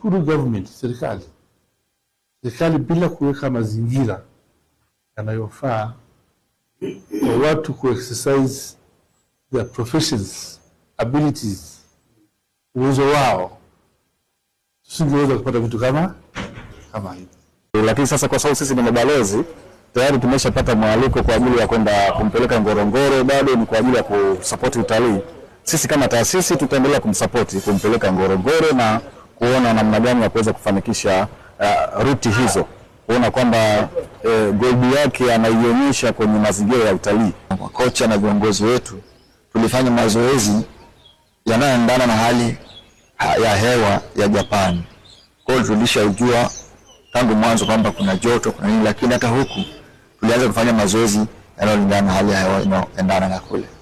through government, serikali serikali bila kuweka mazingira yanayofaa kwa watu ku exercise their professions abilities, uwezo wao, tusingeweza kupata vitu kama kama hivi. Lakini sasa kwa sababu sisi ni mabalozi tayari tumeshapata mwaliko kwa ajili ya kwenda kumpeleka Ngorongoro, bado ni kwa ajili ya kusapoti utalii. Sisi kama taasisi tutaendelea kumsapoti kumpeleka Ngorongoro na kuona namna gani ya kuweza kufanikisha uh, ruti hizo, kuona kwamba uh, goldi yake anaionyesha kwenye mazingira ya utalii. Makocha na viongozi wetu tulifanya mazoezi yanayoendana na hali ya hewa ya japan Kwa hiyo tulishajua tangu mwanzo kwamba kuna joto, kuna nini, lakini hata huku tulianza kufanya mazoezi yanayolingana na hali ya hewa inayoendana na kule.